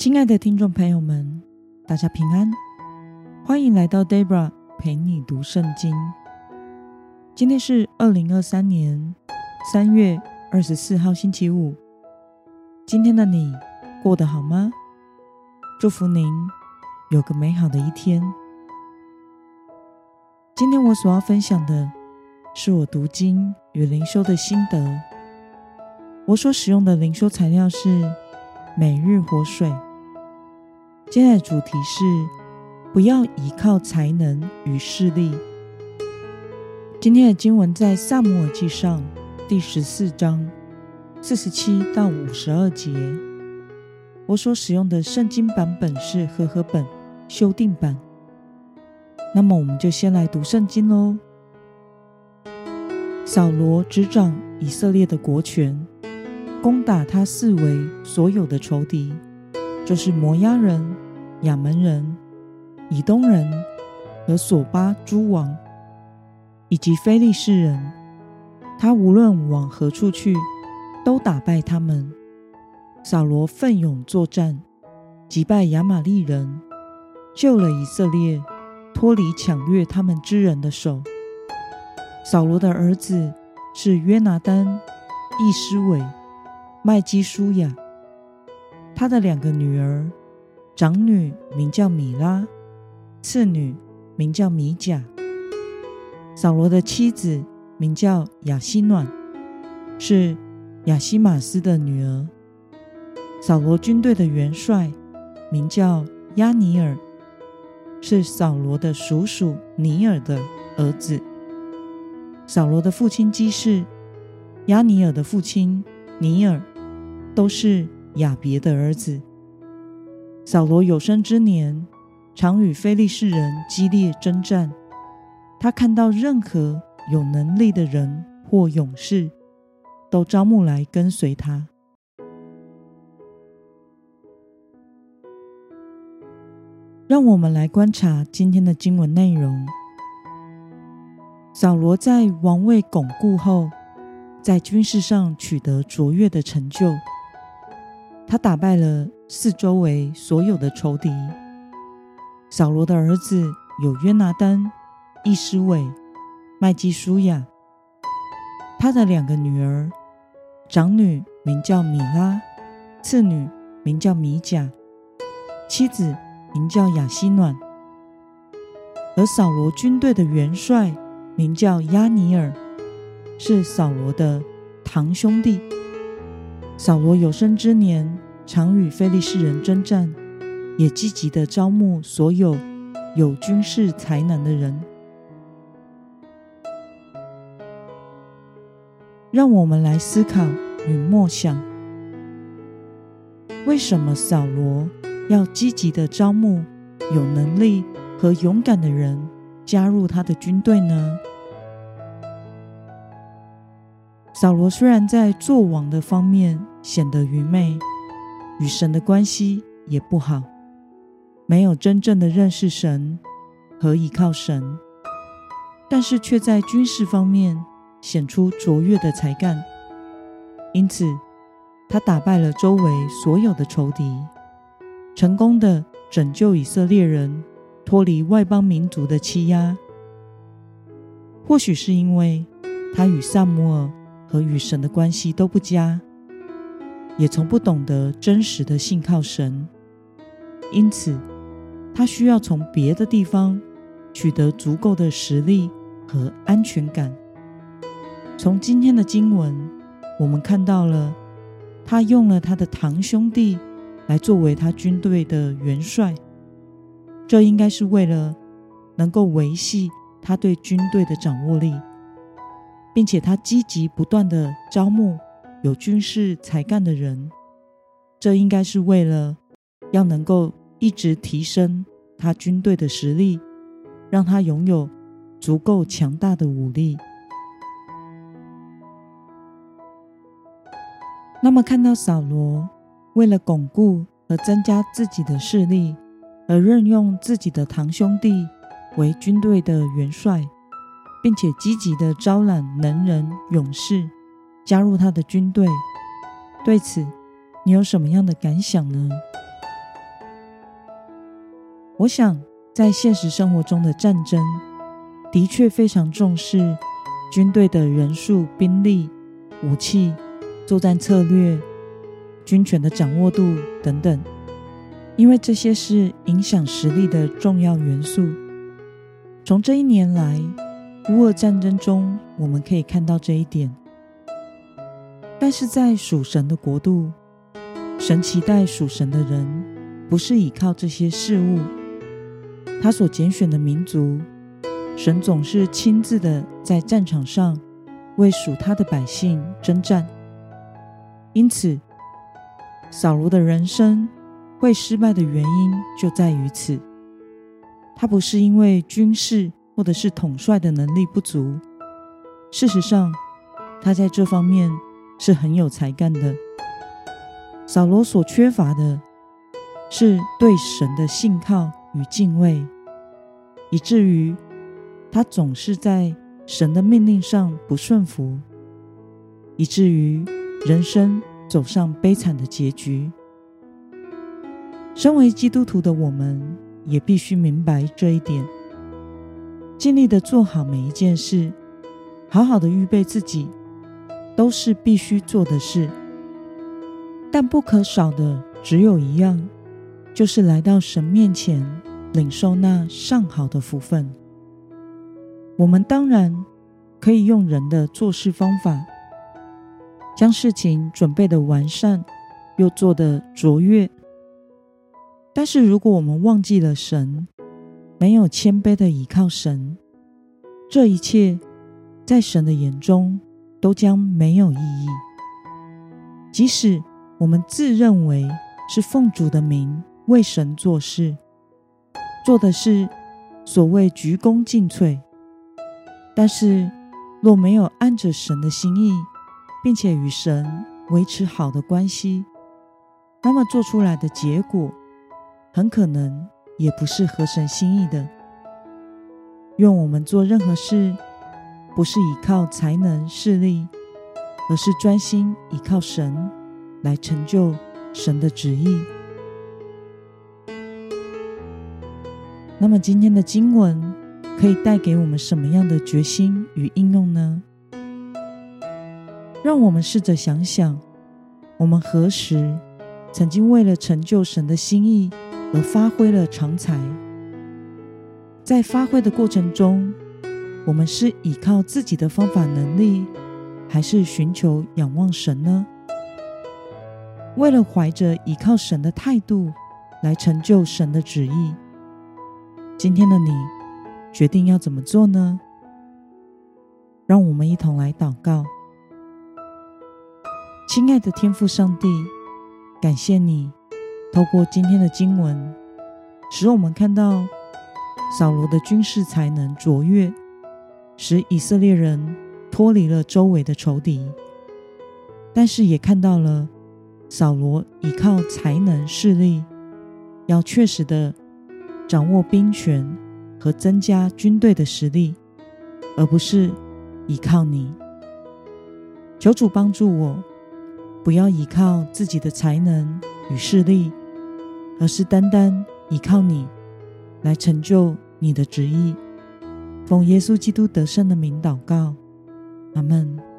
親愛的聽眾朋友們，大家平安，歡迎來到 Debra 陪你讀聖經。今天是二零二三年三月二十四號星期五。今天的你過得好嗎？祝福您有個美好的一天。今天我所要分享的是我讀經與靈修的心得。我所使用的靈修材料是《每日活水》。今天的主題是不要倚靠才能與勢力。今天的經文在《撒母耳記上》第十四章四十七到五十二節。我所使用的聖經版本是和合本修訂版。那麼，我們就先來讀聖經嘍。掃羅執掌以色列的國權，攻打他四圍所有的仇敵，就是摩押人、亞捫人、以東人和瑣巴諸王，以及非利士人。他無論往何處去，都打敗他們。掃羅奮勇作戰，擊敗亞瑪力人，救了以色列，脫離搶掠他們之人的手。掃羅的兒子是約拿單、亦施韋、麥基舒亞。他的兩個女兒，長女名叫米拉，次女名叫米甲。掃羅的妻子名叫亞希暖，是亞希瑪斯的女兒。掃羅軍隊的元帥名叫押尼珥，是掃羅的叔叔尼珥的兒子。掃羅的父親基士，押尼珥的父親尼珥，都是，亞別的兒子。掃羅有生之年，常與非利士人激烈爭戰。他看到任何有能力的人或勇士，都招募來跟隨他。讓我們來觀察今天的經文內容。掃羅在王位鞏固後，在軍事上取得卓越的成就。他打敗了四周圍所有的仇敵。掃羅的兒子有約拿單、亦施韋、麥基舒亞。他的兩個女兒，長女名叫米拉，次女名叫米甲。妻子名叫亞希暖。而掃羅軍隊的元帥名叫押尼珥，是掃羅的堂兄弟。掃羅有生之年常與非利士人征戰，也積極的招募所有有軍事才能的人。讓我們來思考與默想：為什麼掃羅要積極的招募有能力和勇敢的人加入他的軍隊呢？掃羅雖然在作王的方面顯得愚昧，與神的關係也不好，沒有真正的認識神和倚靠神，但是卻在軍事方面顯出卓越的才幹，因此他打敗了周圍所有的仇敵，成功的拯救以色列人脫離外邦民族的欺壓。或許是因為他與撒母耳，和與神的關係都不佳，也從不懂得真實的信靠神，因此他需要從別的地方取得足夠的實力和安全感。從今天的經文，我們看到了他用了他的堂兄弟來作為他軍隊的元帥，這應該是為了能夠維繫他對軍隊的掌握力。並且他積極不斷的招募有軍事才幹的人，這應該是為了要能夠一直提升他軍隊的實力，讓他擁有足夠強大的武力。那麼看到掃羅為了鞏固和增加自己的勢力，而任用自己的堂兄弟為軍隊的元帥。並且積極地招攬能人勇士加入他的軍隊。對此，你有什麼樣的感想呢？我想，在現實生活中的戰爭，的確非常重視軍隊的人數、兵力、武器、作戰策略、軍權的掌握度等等，因為這些是影響實力的重要元素。從這一年來，烏俄戰爭中，我們可以看到這一點。但是在屬神的國度，神期待屬神的人不是依靠這些事物，他所揀選的民族，神總是親自的在戰場上為屬他的百姓征戰。因此，掃羅的人生會失敗的原因就在於此，他不是因為軍事，或者是統帥的能力不足。事實上，他在這方面是很有才幹的。掃羅所缺乏的是對神的信靠與敬畏，以至於他總是在神的命令上不順服，以至於人生走上悲慘的結局。身為基督徒的我們，也必須明白這一點。盡力地做好每一件事，好好的預備自己，都是必須做的事。但不可少的只有一樣，就是來到神面前，領受那上好的福分。我們當然可以用人的做事方法，將事情準備的完善，又做得卓越。但是如果我們忘記了神，沒有謙卑的倚靠神，這一切在神的眼中都將沒有意義。即使我們自認為是奉主的名為神做事，做的是所謂鞠躬盡瘁，但是若沒有按着神的心意，並且與神維持好的關係，那麼做出來的結果很可能，也不是合神心意的。願我們做任何事，不是依靠才能、勢力，而是專心依靠神，來成就神的旨意。那麼今天的經文可以帶給我們什麼樣的決心與應用呢？讓我們試着想想，我們何時曾經為了成就神的心意，而發揮了長才，在發揮的過程中，我們是依靠自己的方法能力，還是尋求仰望神呢？為了懷着依靠神的態度來成就神的旨意，今天的你決定要怎麼做呢？讓我們一同來禱告，親愛的天父上帝，感謝你。透過今天的經文，使我們看到掃羅的軍事才能卓越，使以色列人脫離了周圍的仇敵。但是也看到了掃羅倚靠才能勢力，要確實的掌握兵權和增加軍隊的實力，而不是倚靠祢。求主幫助我，不要倚靠自己的才能與勢力。而是單單依靠你，來成就你的旨意。奉耶穌基督得勝的名禱告，阿門。